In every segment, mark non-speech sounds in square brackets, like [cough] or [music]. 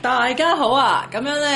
大家好啊！咁樣咧，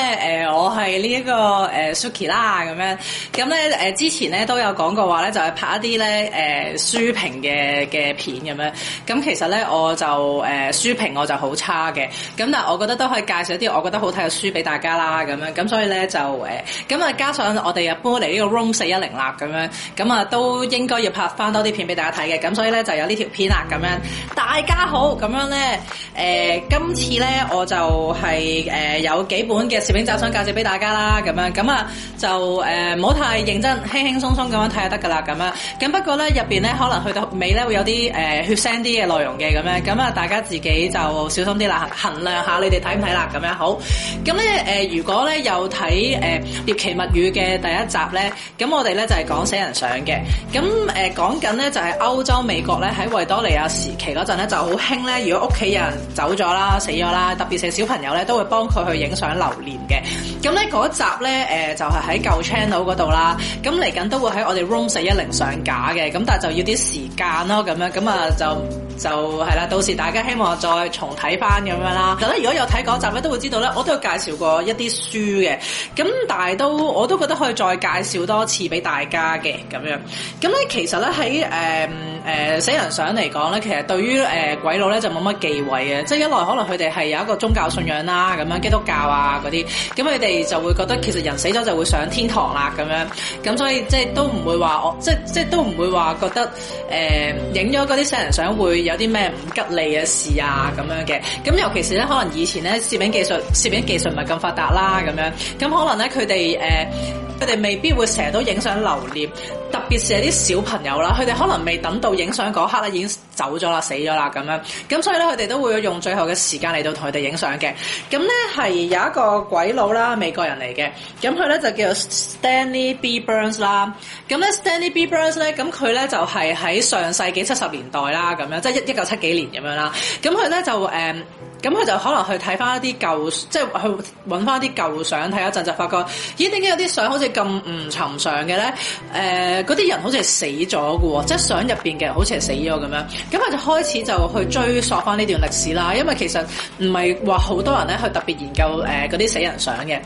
誒、呃，我係呢一個誒、呃、Suki 啦，咁樣。咁咧，誒，之前咧都有講過話咧，就係、是、拍一啲咧誒書評嘅嘅片咁樣。咁其實咧，我就誒、呃、書評我就好差嘅。咁但係我覺得都可以介紹一啲我覺得好睇嘅書俾大家啦，咁樣。咁所以咧就誒，咁、呃、啊加上我哋又搬嚟呢個 Room 四一零啦，咁樣。咁啊都應該要拍翻多啲片俾大家睇嘅。咁所以咧就有呢條片啦，咁樣。大家好，咁樣咧，誒、呃，今次咧我就，就係、是、誒、呃、有幾本嘅攝影集想介紹俾大家啦，咁樣。咁啊就誒唔好太認真，輕輕鬆鬆咁樣睇下得噶啦，咁啊咁不過咧入邊咧可能去到尾咧會有啲誒、呃、血腥啲嘅內容嘅，咁樣。咁啊大家自己就小心啲啦，衡量下你哋睇唔睇啦，咁樣。好咁咧誒如果咧又睇誒獵奇物語嘅第一集咧，咁我哋咧就係、是、講死人相嘅，咁誒、呃、講緊咧就係、是、歐洲美國咧喺維多利亞時期嗰陣咧就好興咧，如果屋企人走咗啦死咗啦，特別小朋友咧都會幫佢去影相留念嘅，咁咧嗰集咧誒、呃、就係喺舊 channel 嗰度啦，咁嚟緊都會喺我哋 room 四一零上架嘅，咁但係就要啲時間咯，咁樣咁啊就就係啦，到時大家希望再重睇翻咁樣啦。咁咧如果有睇嗰集咧，都會知道咧，我都有介紹過一啲書嘅，咁但係都我都覺得可以再介紹多次俾大家嘅咁樣。咁咧其實咧喺誒誒死人相嚟講咧，其實對於誒鬼佬咧就冇乜忌諱嘅，即係一來可能佢哋係有一個宗教信仰啦，咁樣基督教啊嗰啲，咁佢哋就會覺得其實人死咗就會上天堂啦，咁樣，咁所以即係都唔會話我，即係即係都唔會話覺得誒影咗嗰啲死人相會有啲咩唔吉利嘅事啊咁樣嘅，咁尤其是咧可能以前咧攝影技術攝影技術唔係咁發達啦，咁樣，咁可能咧佢哋誒佢哋未必會成日都影相留念。特別是係啲小朋友啦，佢哋可能未等到影相嗰刻啦，已經走咗啦、死咗啦咁樣。咁所以咧，佢哋都會用最後嘅時間嚟到同佢哋影相嘅。咁咧係有一個鬼佬啦，美國人嚟嘅。咁佢咧就叫做 Stanley B. Burns 啦。咁咧 Stanley B. Burns 咧，咁佢咧就係喺上世紀七十年代啦，咁樣即係一一九七幾年咁樣啦。咁佢咧就誒，咁、嗯、佢就可能去睇翻一啲舊，即、就、係、是、去揾翻一啲舊相睇一陣，就發覺咦點解有啲相好似咁唔尋常嘅咧？誒、嗯。誒，嗰啲人好似係死咗㗎喎，即係相入邊嘅人好似係死咗咁樣，咁我就開始就去追索翻呢段歷史啦。因為其實唔係話好多人咧去特別研究誒、嗰啲死人相嘅。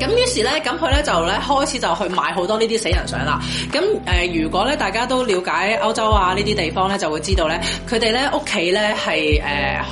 咁於是咧，咁佢咧就咧開始就去買好多呢啲死人相啦。咁誒、呃，如果咧大家都了解歐洲啊呢啲地方咧，就會知道咧，佢哋咧屋企咧係誒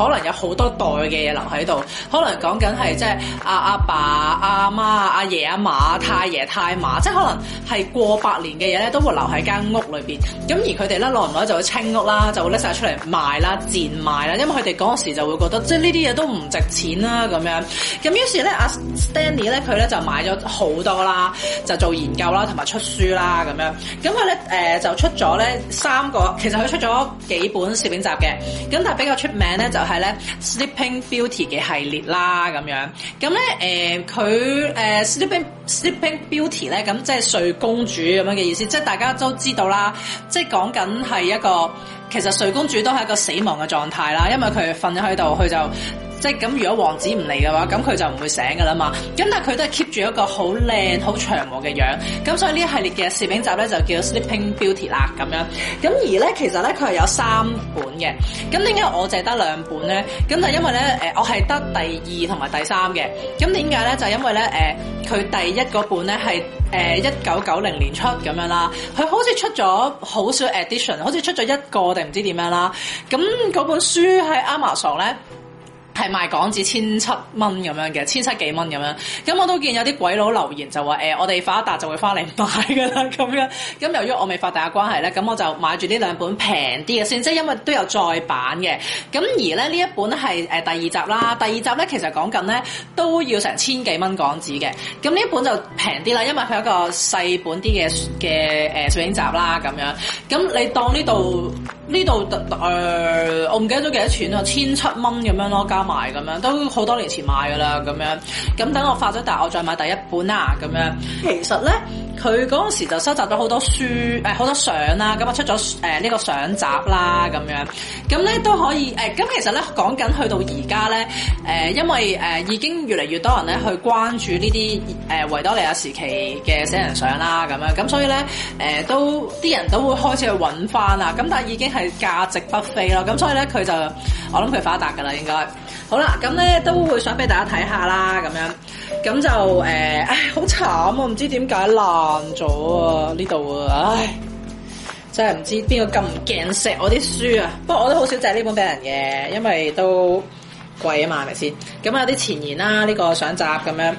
可能有好多代嘅嘢留喺度，可能講緊係即係阿阿爸、阿、啊、媽、阿、啊、爺、阿、啊、嫲、太爺、太嫲，即係可能係過百年嘅嘢咧都會留喺間屋裏邊。咁而佢哋咧耐唔耐就會清屋啦，就會拎晒出嚟賣啦、賤賣啦，因為佢哋嗰時就會覺得即係呢啲嘢都唔值錢啦咁樣。咁於是咧，阿、啊、Stanley 咧佢咧就就買咗好多啦，就做研究啦，同埋出書啦咁樣。咁佢咧誒就出咗咧三個，其實佢出咗幾本攝影集嘅。咁但係比較出名咧就係咧 Sleeping Beauty 嘅系列啦咁樣。咁咧誒佢誒 Sleeping Sleeping Beauty 咧咁即係睡公主咁樣嘅意思，即係大家都知道啦，即係講緊係一個其實睡公主都係一個死亡嘅狀態啦，因為佢瞓咗喺度，佢就。即係咁，如果王子唔嚟嘅話，咁佢就唔會醒嘅啦嘛。咁但係佢都係 keep 住一個好靚、好祥和嘅樣。咁所以呢一系列嘅攝影集咧就叫 Sleeping Beauty 啦咁樣。咁而咧其實咧佢係有三本嘅。咁點解我淨係得兩本咧？咁就因為咧誒，我係得第二同埋第三嘅。咁點解咧？就係、因為咧誒，佢、呃、第一嗰本咧係誒一九九零年出咁樣啦。佢好似出咗好少 edition，好似出咗一個定唔知點樣啦。咁嗰本書喺 Amazon 咧，係賣港紙千七蚊咁樣嘅，千七幾蚊咁樣。咁我都見有啲鬼佬留言就話誒、哎，我哋發一達就會翻嚟買㗎啦咁樣。咁由於我未發達嘅關係咧，咁我就買住呢兩本平啲嘅先，即係因為都有再版嘅。咁而咧呢一本係誒、呃、第二集啦，第二集咧其實講緊咧都要成千幾蚊港紙嘅。咁呢一本就平啲啦，因為佢係一個細本啲嘅嘅誒攝影集啦咁樣。咁你當呢度呢度誒，我唔記得咗幾多錢啦、啊，千七蚊咁樣咯，買咁樣都好多年前買噶啦，咁樣咁等我發咗達，我再買第一本啦，咁樣其實咧佢嗰陣時就收集咗好多書誒，好、呃、多相啦，咁啊出咗誒呢個相集啦，咁樣咁咧都可以誒，咁、欸、其實咧講緊去到而家咧誒，因為誒、呃、已經越嚟越多人咧去關注呢啲誒維多利亞時期嘅死人相啦，咁樣咁所以咧誒、呃、都啲人都會開始去揾翻啦，咁但係已經係價值不菲咯，咁所以咧佢就我諗佢發達噶啦，應該。好啦，咁咧都會想俾大家睇下啦，咁樣，咁就誒，唉、好慘啊！唔知點解爛咗啊呢度啊，唉，真係唔知邊個咁驚食我啲書啊！不過我都好少借呢本俾人嘅，因為都貴啊嘛，係咪先？咁有啲前言啦、啊，呢、這個想集咁樣。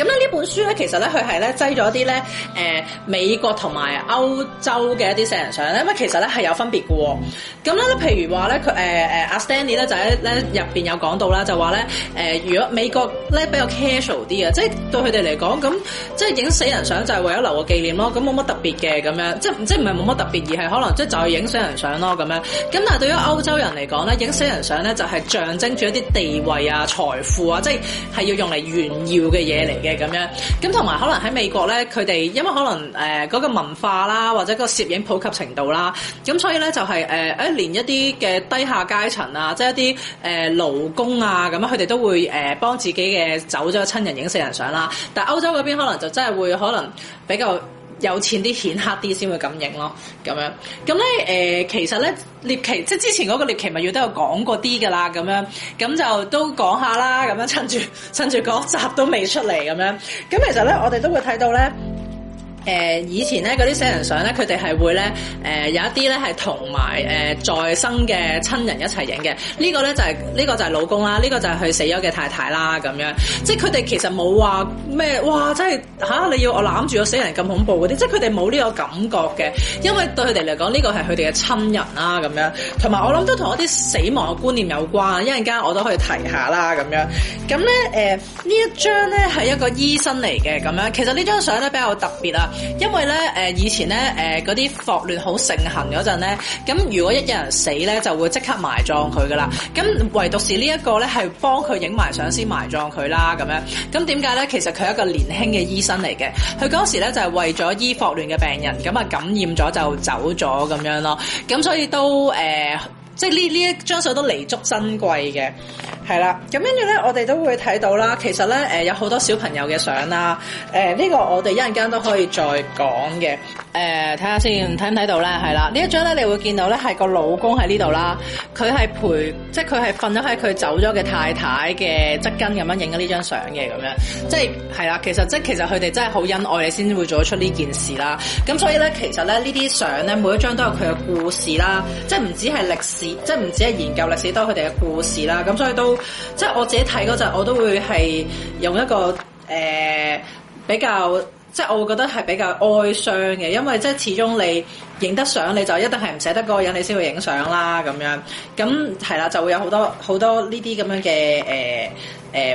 咁咧呢本書咧、呃，其實咧佢係咧擠咗啲咧誒美國同埋歐洲嘅一啲死人相，因為其實咧係有分別嘅。咁、嗯、咧，譬如話咧佢誒誒、呃、阿 Stanley 咧就喺咧入邊有講到啦，就話咧誒如果美國咧比較 casual 啲啊，即係對佢哋嚟講，咁即係影死人相就係為咗留個紀念咯，咁冇乜特別嘅咁樣，即係即係唔係冇乜特別，而係可能即係就係影死人相咯咁樣。咁但係對於歐洲人嚟講咧，影死人相咧就係象徵住一啲地位啊、財富啊，即係係要用嚟炫耀嘅嘢嚟嘅。咁樣，咁同埋可能喺美國咧，佢哋因為可能誒嗰、呃嗰個文化啦，或者嗰個攝影普及程度啦，咁所以咧就係誒一連一啲嘅低下階層啊，即係一啲誒、呃、勞工啊，咁樣佢哋都會誒、呃、幫自己嘅走咗親人影死人相啦。但係歐洲嗰邊可能就真係會可能比較。有錢啲顯赫啲先會咁影咯，咁樣咁咧誒，其實咧獵奇即係之前嗰個獵奇物語都有講過啲㗎喇，咁樣咁就都講下啦，咁樣趁住趁住嗰集都未出嚟，咁樣咁其實咧我哋都會睇到咧。誒、呃、以前咧嗰啲死人相咧，佢哋係會咧誒、呃、有一啲咧係同埋誒在生嘅親人一齊影嘅。這個、呢個咧就係、是、呢、這個就係老公啦，呢、這個就係佢死咗嘅太太啦咁樣。即係佢哋其實冇話咩哇，真係嚇你要我攬住個死人咁恐怖嗰啲，即係佢哋冇呢個感覺嘅，因為對佢哋嚟講呢個係佢哋嘅親人啦、啊、咁樣。同埋我諗都同一啲死亡嘅觀念有關，一陣間我都可以提下啦咁樣。咁咧誒呢、呃、一張咧係一個醫生嚟嘅咁樣，其實呢張相咧比較特別啊。因為咧，誒、呃，以前咧，誒、呃，嗰啲霍亂好盛行嗰陣咧，咁如果一有人死咧，就會即刻埋葬佢噶啦。咁唯獨是呢一個咧，係幫佢影埋相先埋葬佢啦。咁樣，咁點解咧？其實佢係一個年輕嘅醫生嚟嘅，佢嗰時咧就係、是、為咗醫霍亂嘅病人，咁啊感染咗就走咗咁樣咯。咁所以都誒。呃即係呢呢一張相都彌足珍貴嘅，係啦。咁跟住咧，我哋都會睇到啦。其實咧，誒、呃、有好多小朋友嘅相啦。誒、呃、呢、呢個我哋一陣間都可以再講嘅。誒，睇下先，睇唔睇到咧？係啦，一張呢一張咧，你會見到咧係個老公喺呢度啦，佢係陪，即係佢係瞓咗喺佢走咗嘅太太嘅側跟咁樣影緊呢張相嘅咁樣，即係，係啦，其實即係、就是、其實佢哋真係好恩愛，你先會做得出呢件事啦。咁所以咧，其實咧呢啲相咧每一張都有佢嘅故事啦，即係唔止係歷史，即係唔止係研究歷史都有佢哋嘅故事啦。咁所以都即係我自己睇嗰陣，我都會係用一個誒、呃、比較。即係我會覺得係比較哀傷嘅，因為即係始終你。影得相你就一定係唔捨得嗰個人，你先會影相啦咁樣，咁係啦，就會有好多好多呢啲咁樣嘅誒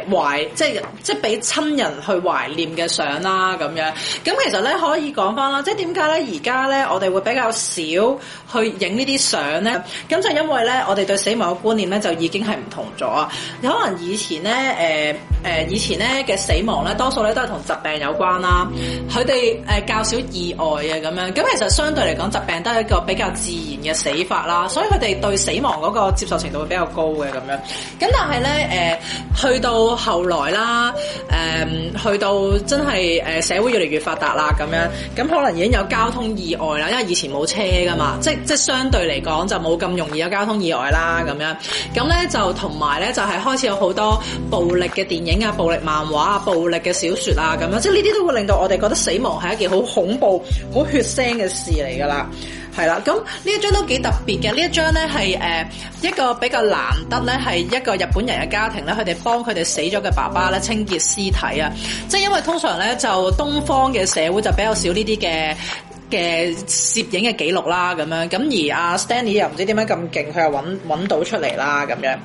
誒懷，即係即係俾親人去懷念嘅相啦咁樣，咁其實咧可以講翻啦，即係點解咧而家咧我哋會比較少去影呢啲相咧？咁就因為咧我哋對死亡嘅觀念咧就已經係唔同咗。你可能以前咧誒誒以前咧嘅死亡咧多數咧都係同疾病有關啦，佢哋誒較少意外啊咁樣，咁其實相對嚟講。疾病都係一個比較自然嘅死法啦，所以佢哋對死亡嗰個接受程度會比較高嘅咁樣。咁但係咧誒，去到後來啦，誒、呃、去到真係誒、呃、社會越嚟越發達啦咁樣，咁可能已經有交通意外啦，因為以前冇車噶嘛，即係即係相對嚟講就冇咁容易有交通意外啦咁樣。咁咧就同埋咧就係、係、開始有好多暴力嘅電影啊、暴力漫畫啊、暴力嘅小説啊咁樣，即呢啲都會令到我哋覺得死亡係一件好恐怖、好血腥嘅事嚟噶啦。係啦，咁呢一張都幾特別嘅，呢一張咧係誒一個比較難得咧，係一個日本人嘅家庭咧，佢哋幫佢哋死咗嘅爸爸咧清潔屍體啊，即係因為通常咧就東方嘅社會就比較少呢啲嘅嘅攝影嘅記錄啦，咁樣，咁而阿、啊、Stanley 又唔知點解咁勁，佢又搵搵到出嚟啦，咁樣。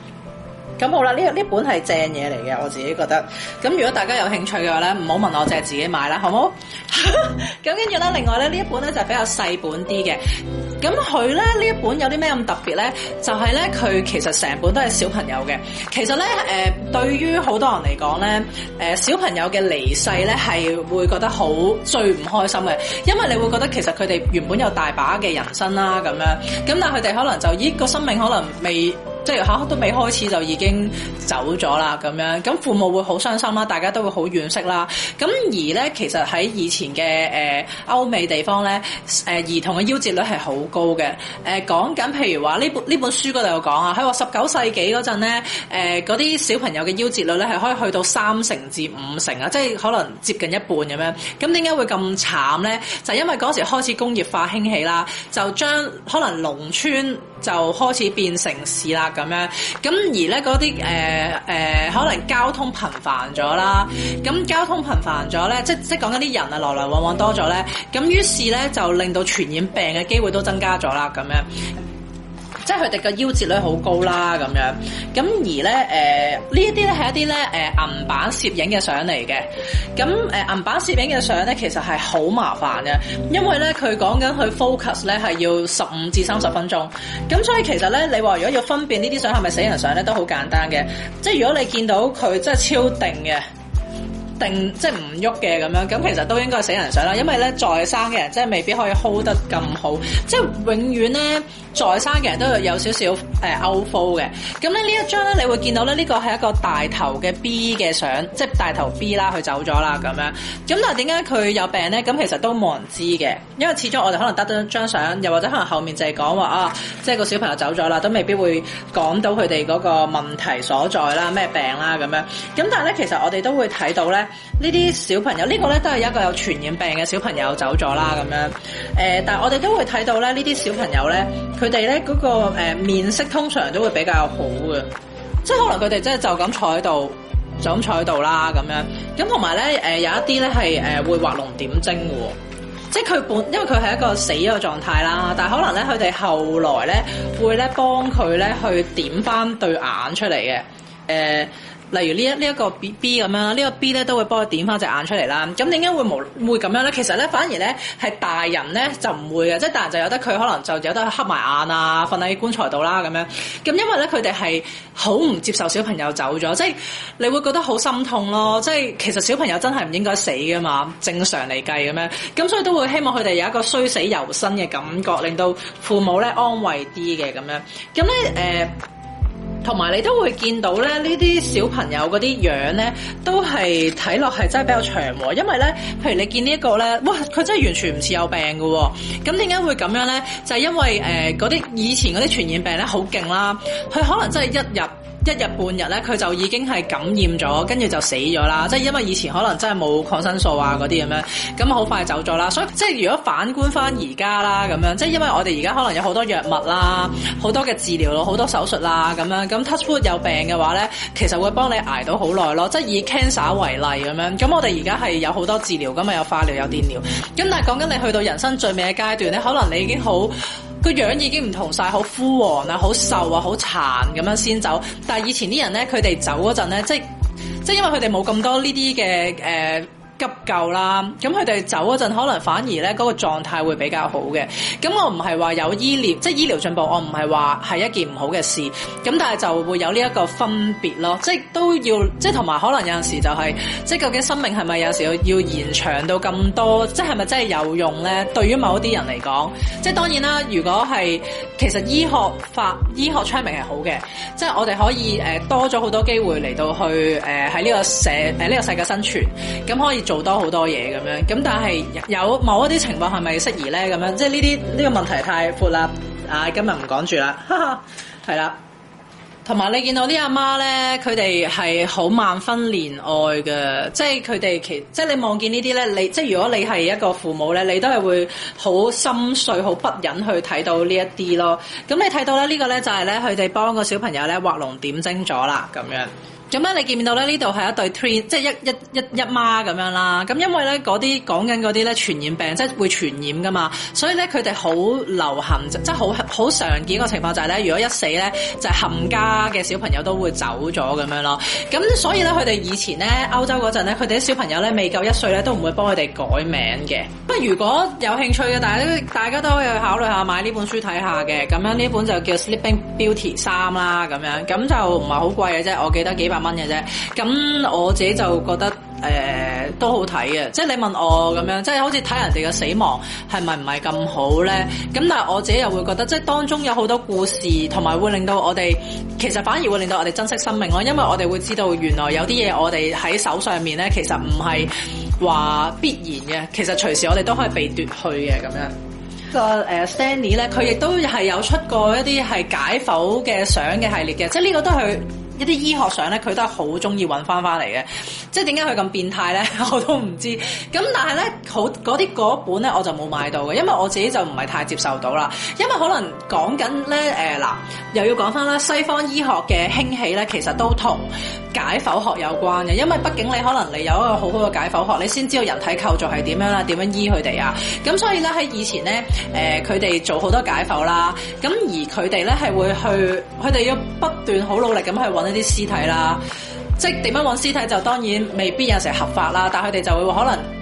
咁好啦，呢呢本係正嘢嚟嘅，我自己覺得。咁如果大家有興趣嘅話咧，唔好問我，淨係自己買啦，好唔好？咁跟住咧，另外咧呢一本咧就係、比較細本啲嘅。咁佢咧呢一本有啲咩咁特別咧？就係咧佢其實成本都係小朋友嘅。其實咧誒、呃，對於好多人嚟講咧誒，小朋友嘅離世咧係會覺得好最唔開心嘅，因為你會覺得其實佢哋原本有大把嘅人生啦、啊、咁樣。咁但係佢哋可能就咦個生命可能未。即係都未開始就已經走咗啦，咁樣咁父母會好傷心啦，大家都會好惋惜啦。咁而呢，其實喺以前嘅誒、呃、歐美地方呢，誒、呃、兒童嘅夭折率係好高嘅。誒講緊譬如話呢本呢本書嗰度有講啊，喺話十九世紀嗰陣呢，嗰、呃、啲小朋友嘅夭折率呢，係可以去到三成至五成啊，即係可能接近一半咁樣。咁點解會咁慘呢？就因為嗰時開始工業化興起啦，就將可能農村就開始變城市啦。咁樣，咁而咧嗰啲誒誒，可能交通頻繁咗啦，咁交通頻繁咗咧，即即講緊啲人啊來來往往多咗咧，咁於是咧就令到傳染病嘅機會都增加咗啦，咁樣。即係佢哋個夭折率好高啦，咁樣，咁而咧，誒、呃、呢一啲咧係一啲咧，誒銀版攝影嘅相嚟嘅，咁誒銀版攝影嘅相咧，其實係好麻煩嘅，因為咧佢講緊佢 focus 咧係要十五至三十分鐘，咁所以其實咧你話如果要分辨呢啲相係咪死人相咧，都好簡單嘅，即係如果你見到佢真係超定嘅。定即係唔喐嘅咁樣，咁其實都應該係死人相啦，因為咧在生嘅人即係未必可以 hold 得咁好，即係永遠咧在生嘅人都有少少誒 o 嘅。咁、呃、咧呢一張咧，你會見到咧呢個係一個大頭嘅 B 嘅相，即係大頭 B 啦，佢走咗啦咁樣。咁但係點解佢有病咧？咁其實都冇人知嘅，因為始終我哋可能得到張相，又或者可能後面就係講話啊，即係個小朋友走咗啦，都未必會講到佢哋嗰個問題所在啦，咩病啦咁樣。咁但係咧，其實我哋都會睇到咧。這個、呢啲小、呃、小朋友呢、呢個咧都係一個有傳染病嘅小朋友走咗啦咁樣，誒、呃，但係我哋都會睇到咧呢啲小朋友咧，佢哋咧嗰個誒面色通常都會比較好嘅，即係可能佢哋真係就咁坐喺度，就咁坐喺度啦咁樣，咁同埋咧誒有一啲咧係誒會畫龍點睛嘅，即係佢本因為佢係一個死咗狀態啦，但係可能咧佢哋後來咧會咧幫佢咧去點翻對眼出嚟嘅，誒、呃。例如呢一呢一個 B B 咁樣，呢個 B 咧都會幫佢點翻隻眼出嚟啦。咁點解會冇會咁樣咧？其實咧反而咧係大人咧就唔會嘅，即係大人就有得佢可能就有得黑埋眼啊，瞓喺棺材度啦咁樣。咁因為咧佢哋係好唔接受小朋友走咗，即係你會覺得好心痛咯。即係其實小朋友真係唔應該死噶嘛，正常嚟計咁樣。咁所以都會希望佢哋有一個雖死猶生嘅感覺，令到父母咧安慰啲嘅咁樣。咁咧誒。同埋你都會見到咧，呢啲小朋友嗰啲樣咧，都係睇落係真係比較長喎。因為咧，譬如你見呢一個咧，哇，佢真係完全唔似有病㗎喎。咁點解會咁樣咧？就係因為誒嗰啲以前嗰啲傳染病咧好勁啦，佢可能真係一入。一日半日咧，佢就已經係感染咗，跟住就死咗啦。即係因為以前可能真係冇抗生素啊嗰啲咁樣，咁好快走咗啦。所以即係如果反觀返而家啦咁樣，即係因為我哋而家可能有好多藥物啦，好多嘅治療咯，好多手術啦咁樣。咁 Touchwood 有病嘅話呢，其實會幫你捱到好耐咯。即係以 cancer 為例咁樣，咁我哋而家係有好多治療㗎嘛，有化療有電療。咁但係講緊你去到人生最尾嘅階段咧，可能你已經好。個樣已經唔同晒，好枯黃啊，好瘦啊，好殘咁樣先走。但係以前啲人咧，佢哋走嗰陣咧，即係即係因為佢哋冇咁多呢啲嘅誒。呃急救啦，咁佢哋走嗰陣可能反而呢個狀態會比較好嘅。咁我唔係話有醫療，即係醫療進步，我唔係話係一件唔好嘅事。咁但係就會有呢一個分別咯，即係都要，即係同埋可能有陣時就係，即係究竟生命係咪有時候要延長到咁多，即係咪真係有用呢？對於某一啲人嚟講，即係當然啦。如果係其實醫學發醫學昌明係好嘅，即係我哋可以誒多咗好多機會嚟到去誒喺呢個社誒呢個世界生存，咁可以。做多好多嘢咁樣，咁但係有某一啲情況係咪適宜咧？咁樣，即係呢啲呢個問題太闊啦。啊，今日唔講住啦，哈哈，係啦。同埋你見到啲阿媽咧，佢哋係好萬分憐愛嘅，即係佢哋其即係你望見呢啲咧，你即係如果你係一個父母咧，你都係會好心碎、好不忍去睇到呢一啲咯。咁、嗯、你睇到咧呢個咧就係咧佢哋幫個小朋友咧畫龍點睛咗啦，咁樣。咁咩？你見到咧？呢度係一對 twin，即係一一一一孖咁樣啦。咁因為咧嗰啲講緊嗰啲咧傳染病，即係會傳染㗎嘛。所以咧佢哋好流行，即係好好常見個情況就係咧，如果一死咧，就係冚家嘅小朋友都會走咗咁樣咯。咁所以咧佢哋以前咧歐洲嗰陣咧，佢哋啲小朋友咧未夠一歲咧都唔會幫佢哋改名嘅。不過如果有興趣嘅，大家大家都可以去考慮下買呢本書睇下嘅。咁樣呢本就叫《Sleeping Beauty》三啦，咁樣咁就唔係好貴嘅啫。我記得幾百蚊嘅啫，咁我自己就覺得誒、呃、都好睇嘅。即係你問我咁樣，即係好似睇人哋嘅死亡係咪唔係咁好咧？咁但係我自己又會覺得，即係當中有好多故事，同埋會令到我哋，其實反而會令到我哋珍惜生命咯，因為我哋會知道原來有啲嘢我哋喺手上面咧，其實唔係話必然嘅，其實隨時我哋都可以被奪去嘅咁樣。那個誒 Stanley 咧，佢亦都係有出過一啲係解剖嘅相嘅系列嘅，即係呢個都係佢。一啲醫學上咧，佢都係好中意揾翻翻嚟嘅，即係點解佢咁變態咧？ [laughs] 我都唔知。咁但係咧，好嗰啲嗰本咧，我就冇買到嘅，因為我自己就唔係太接受到啦。因為可能講緊咧，誒嗱、呃，又要講翻啦，西方醫學嘅興起咧，其實都同，解剖學有關嘅，因為畢竟你可能你有一個好好嘅解剖學，你先知道人體構造係點樣啦，點樣醫佢哋啊。咁所以咧，喺以前咧，誒佢哋做好多解剖啦。咁而佢哋咧係會去，佢哋要不斷好努力咁去揾一啲屍體啦。即係點樣揾屍體就當然未必有時合法啦，但係佢哋就會可能。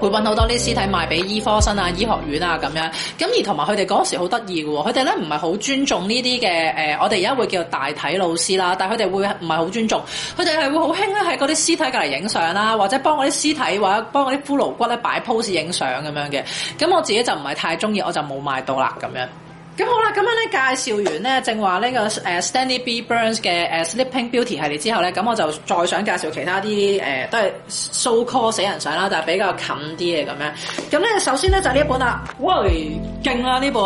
會揾好多啲屍體賣俾醫科生啊、醫學院啊咁樣，咁而同埋佢哋嗰時好得意嘅喎，佢哋咧唔係好尊重呢啲嘅誒，我哋而家會叫大體老師啦，但係佢哋會唔係好尊重，佢哋係會好興咧喺嗰啲屍體隔離影相啦，或者幫嗰啲屍體或者幫嗰啲骷髏骨咧擺 pose 影相咁樣嘅，咁我自己就唔係太中意，我就冇買到啦咁樣。咁好啦，咁樣咧介紹完咧，正話呢個誒 Stanley B Burns 嘅誒 Sleeping Beauty 系列之後咧，咁我就再想介紹其他啲誒都係 so call 死人相啦，但係比較近啲嘅咁樣。咁咧首先咧就呢一本啦，喂勁啦呢本！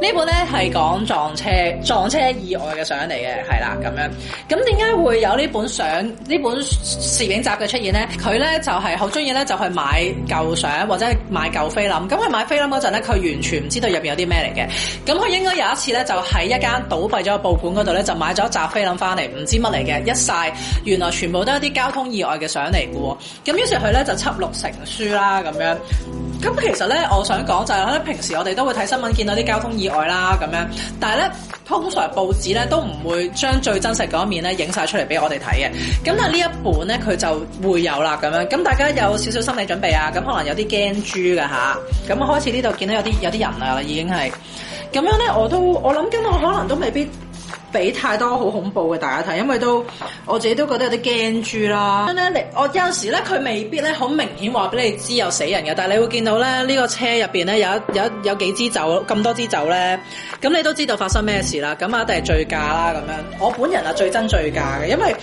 呢本咧係講撞車撞車意外嘅相嚟嘅，係啦咁樣。咁點解會有呢本相呢本攝影集嘅出現咧？佢咧就係好中意咧，就去買舊相或者係買舊菲林。咁佢買菲林嗰陣咧，佢完全唔知道入邊有啲咩嚟嘅。咁可應該有一次咧，就喺一間倒閉咗嘅報館嗰度咧，就買咗一扎菲林翻嚟，唔知乜嚟嘅，一晒，原來全部都係啲交通意外嘅相嚟嘅喎。咁於是佢咧就輯錄成書啦咁樣。咁其實咧，我想講就係、是、咧，平時我哋都會睇新聞，見到啲交通意外啦咁樣，但係咧通常報紙咧都唔會將最真實嗰一面咧影晒出嚟俾我哋睇嘅。咁但係呢一本咧佢就會有啦咁樣。咁大家有少少心理準備啊，咁可能有啲驚豬嘅嚇。咁、啊、開始呢度見到有啲有啲人啊，已經係。咁樣咧，我都我諗緊，我可能都未必俾太多好恐怖嘅大家睇，因為都我自己都覺得有啲驚住啦。咁咧，你，我有時咧，佢未必咧好明顯話俾你知有死人嘅，但係你會見到咧呢個車入邊咧有有有，有幾支酒咁多支酒咧，咁你都知道發生咩事啦。咁啊，一定係醉駕啦咁樣。我本人啊最憎醉駕嘅，因為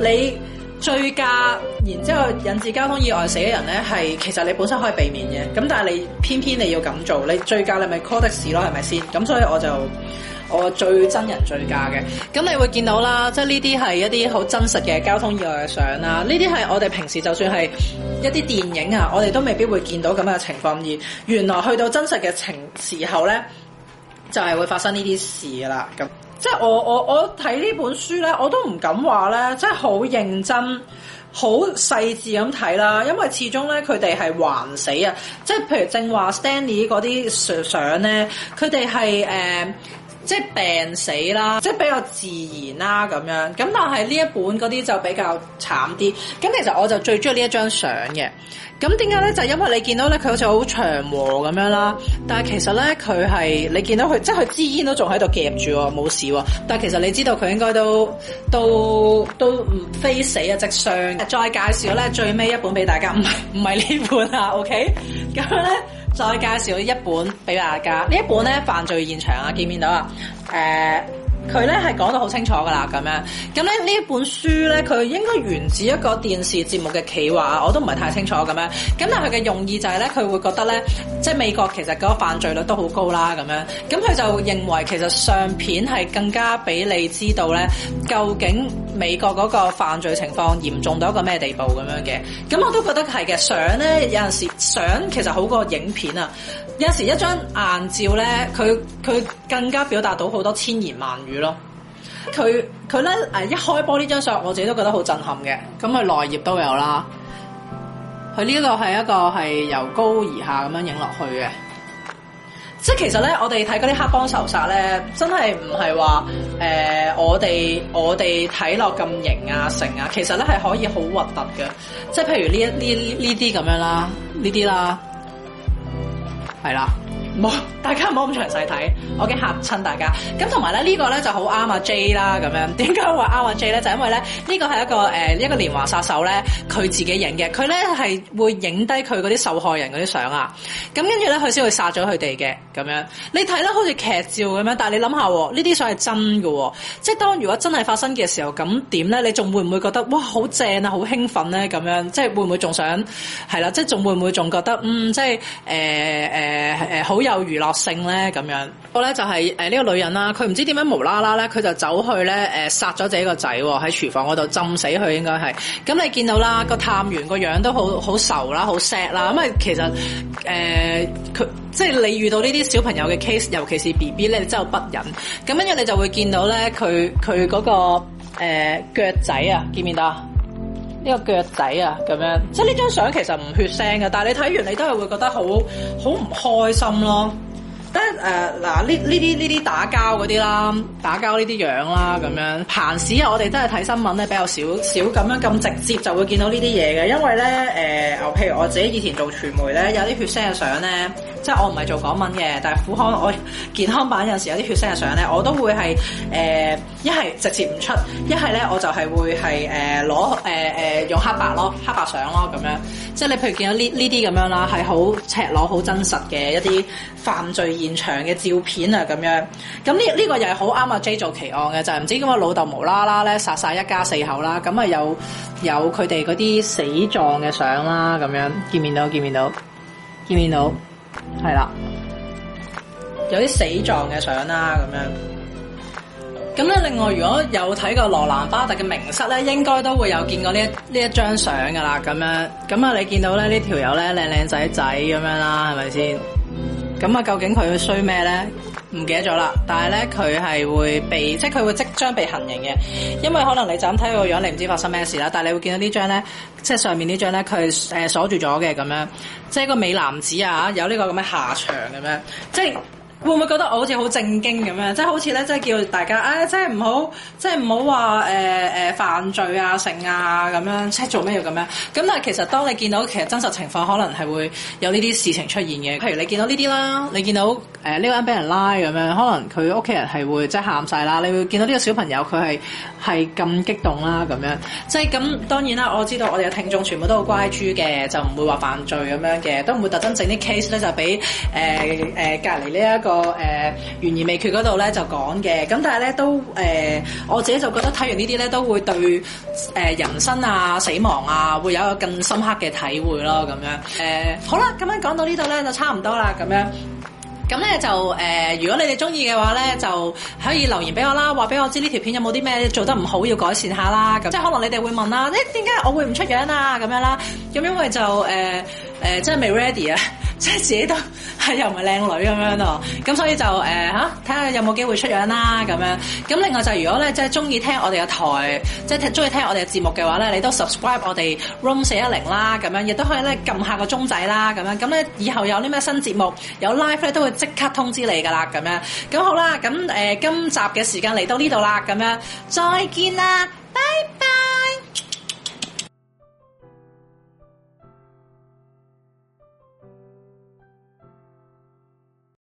你。醉駕，然之後引致交通意外死嘅人呢，係其實你本身可以避免嘅，咁但係你偏偏你要咁做，你醉駕你咪 call 的士咯，係咪先？咁所以我就我最憎人醉駕嘅，咁你會見到啦，即係呢啲係一啲好真實嘅交通意外嘅相啦，呢啲係我哋平時就算係一啲電影啊，我哋都未必會見到咁嘅情況，而原來去到真實嘅情時候呢，就係、是、會發生呢啲事啦。即係我我我睇呢本書咧，我都唔敢話咧，即係好認真、好細緻咁睇啦，因為始終咧佢哋係橫死啊！即係譬如正話 Stanley 嗰啲相咧，佢哋係誒。呃即係病死啦，即係比較自然啦咁樣。咁但係呢一本嗰啲就比較慘啲。咁其實我就最中意呢一張相嘅。咁點解咧？就係因為你見到咧佢好似好祥和咁樣啦。但係其實咧佢係你見到佢即係佢支煙都仲喺度夾住喎，冇事喎。但係其實你知道佢應該都都都唔非死啊，即傷。再介紹咧最尾一本俾大家，唔係唔係呢本啦，OK？咁咧。再介紹一本俾大家，呢一本咧犯罪現場啊，見唔見到啊？Uh 佢咧係講得好清楚㗎喇，咁樣咁咧呢一本書咧，佢應該源自一個電視節目嘅企劃，我都唔係太清楚咁樣。咁但係佢嘅用意就係咧，佢會覺得咧，即係美國其實嗰個犯罪率都好高啦，咁樣咁佢就認為其實相片係更加俾你知道咧，究竟美國嗰個犯罪情況嚴重到一個咩地步咁樣嘅。咁我都覺得係嘅，相咧有陣時相其實好過影片啊，有陣時一張硬照咧，佢佢更加表達到好多千言萬語。咯，佢佢咧誒，一開波呢張相，我自己都覺得好震撼嘅。咁佢內頁都有啦。佢呢個係一個係由高而下咁樣影落去嘅。即係其實咧，我哋睇嗰啲黑幫仇殺咧，真係唔係話誒，我哋我哋睇落咁型啊，成啊。其實咧係可以好核突嘅。即係譬如呢一呢呢啲咁樣啦，呢啲啦，係啦。冇，大家唔好咁詳細睇，我驚嚇親大家。咁同埋咧呢個咧就好啱阿 J 啦，咁樣點解話啱阿 J 咧？就因為咧呢個係一個誒一個連環殺手咧，佢自己影嘅。佢咧係會影低佢嗰啲受害人嗰啲相啊。咁跟住咧佢先會殺咗佢哋嘅咁樣。你睇啦，好似劇照咁樣，但係你諗下呢啲相係真㗎。即係當如果真係發生嘅時候，咁點咧？你仲會唔會覺得哇好正啊，好興奮咧、啊？咁樣即係會唔會仲想係啦？即係仲會唔會仲覺得嗯即係誒誒誒好？欸欸欸欸欸欸有娛樂性咧，咁樣，好咧就係誒呢個女人啦，佢唔知點樣無啦啦咧，佢就走去咧誒殺咗自己個仔喺廚房嗰度浸死佢應該係，咁你見到啦，個探員個樣都好好愁啦，好 sad 啦，咁啊其實誒佢、呃、即係你遇到呢啲小朋友嘅 case，尤其是 B B 咧，你真係不忍，咁樣樣你就會見到咧佢佢嗰個誒腳、呃、仔啊，見唔見到？呢個腳仔啊，咁樣，即係呢張相其實唔血腥嘅，但係你睇完你都係會覺得好好唔開心咯。得嗱，呢呢啲呢啲打交嗰啲啦，打交呢啲樣啦咁樣，平時啊，我哋都係睇新聞咧比較少少咁樣咁直接就會見到呢啲嘢嘅，因為咧誒、呃，譬如我自己以前做傳媒咧，有啲血腥嘅相咧，即係我唔係做港聞嘅，但係副刊我健康版有時有啲血腥嘅相咧，我都會係誒一係直接唔出，一係咧我就係會係誒攞誒誒用黑白咯，黑白相咯咁樣，即係你譬如見到呢呢啲咁樣啦，係好赤裸好真實嘅一啲犯罪。現場嘅照片啊，咁樣咁呢？呢個又係好啱啊！J 做奇案嘅就係唔知點解老豆無啦啦咧殺晒一家四口啦，咁啊有有佢哋嗰啲死狀嘅相啦，咁樣見面到，見面到，見面到，係啦，有啲死狀嘅相啦，咁樣咁咧。另外，如果有睇過羅蘭巴特嘅明室咧，應該都會有見過呢一呢一張相噶啦，咁樣咁啊！你見到咧呢條友咧靚靚仔仔咁樣啦，係咪先？咁啊，究竟佢衰咩咧？唔記得咗啦。但係咧，佢係會被，即係佢會即將被行刑嘅，因為可能你就咁睇個樣，你唔知發生咩事啦。但係你會見到呢張咧，即係上面呢張咧，佢誒鎖住咗嘅咁樣，即係一個美男子啊，有呢個咁嘅下場咁樣，即係。會唔會覺得我好似好正經咁樣？即係好似咧，即係叫大家，誒、哎，即係唔好，即係唔好話誒誒犯罪啊、性啊咁樣，即係做咩要咁樣？咁但係其實當你見到其實真實情況，可能係會有呢啲事情出現嘅。譬如你見到呢啲啦，你見到誒呢、呃這個人俾人拉咁樣，可能佢屋企人係會即係喊晒啦。你會見到呢個小朋友，佢係係咁激動啦、啊、咁樣。即係咁，當然啦，我知道我哋嘅聽眾全部都好乖豬嘅，就唔會話犯罪咁樣嘅，都唔會特登整啲 case 咧就俾誒誒隔離呢一個。個誒懸而未決嗰度咧就講嘅，咁但係咧都誒、呃、我自己就覺得睇完呢啲咧都會對誒、呃、人生啊死亡啊會有一個更深刻嘅體會咯，咁樣誒、呃、好啦，咁樣講到呢度咧就差唔多啦，咁樣咁咧就誒、呃、如果你哋中意嘅話咧就可以留言俾我啦，話俾我知呢條片有冇啲咩做得唔好要改善下啦，咁即係可能你哋會問啦、啊，誒點解我會唔出樣啊咁樣啦，咁因為就誒誒即係未 ready 啊。呃呃即係自己都又唔係靚女咁樣咯、啊，咁所以就誒嚇睇下有冇機會出樣啦咁樣。咁另外就係、如果咧即係中意聽我哋嘅台，即係中意聽我哋嘅節目嘅話咧，你都 subscribe 我哋 room 四一零啦，咁樣亦都可以咧撳下個鐘仔啦，咁樣咁咧以後有啲咩新節目有 live 咧都會即刻通知你噶、呃、啦，咁樣咁好啦，咁誒今集嘅時間嚟到呢度啦，咁樣再見啦，拜拜。